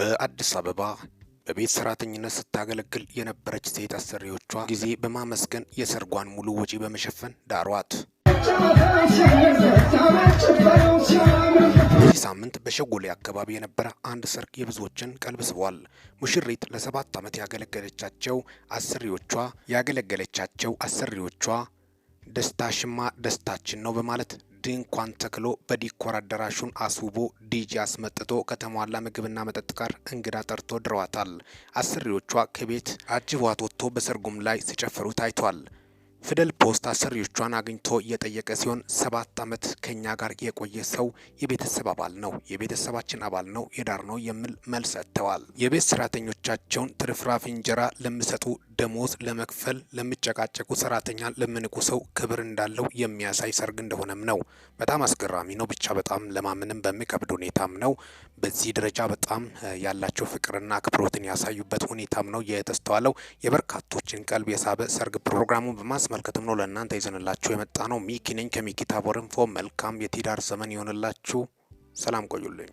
በአዲስ አበባ በቤት ሰራተኝነት ስታገለግል የነበረች ሴት አሰሪዎቿ ጊዜ በማመስገን የሰርጓን ሙሉ ወጪ በመሸፈን ዳሯት። በዚህ ሳምንት በሸጎሌ አካባቢ የነበረ አንድ ሰርግ የብዙዎችን ቀልብ ስቧል። ሙሽሪት ለሰባት ዓመት ያገለገለቻቸው አሰሪዎቿ ያገለገለቻቸው አሰሪዎቿ ደስታሽማ ደስታችን ነው በማለት ድንኳን ተክሎ በዲኮር አዳራሹን አስውቦ ዲጂ አስመጥቶ ከተሟላ ምግብና መጠጥ ጋር እንግዳ ጠርቶ ድረዋታል። አስሪዎቿ ከቤት አጅቧት ወጥቶ በሰርጉም ላይ ሲጨፍሩ ታይቷል። ፊደል ፖስት አሰሪዎቿን አግኝቶ እየጠየቀ ሲሆን ሰባት ዓመት ከኛ ጋር የቆየ ሰው የቤተሰብ አባል ነው፣ የቤተሰባችን አባል ነው፣ የዳር ነው የሚል መልስ ሰጥተዋል። የቤት ሰራተኞቻቸውን ትርፍራፊ እንጀራ ለሚሰጡ፣ ደሞዝ ለመክፈል ለሚጨቃጨቁ፣ ሰራተኛ ለምንቁ ሰው ክብር እንዳለው የሚያሳይ ሰርግ እንደሆነም ነው። በጣም አስገራሚ ነው። ብቻ በጣም ለማመንም በሚከብድ ሁኔታም ነው። በዚህ ደረጃ በጣም ያላቸው ፍቅርና አክብሮትን ያሳዩበት ሁኔታም ነው የተስተዋለው። የበርካቶችን ቀልብ የሳበ ሰርግ ፕሮግራሙን በማስመልከትም ነው ለእናንተ ይዘንላችሁ የመጣ ነው። ሚኪ ነኝ መልካም የትዳር ዘመን ይሆንላችሁ። ሰላም ቆዩልኝ።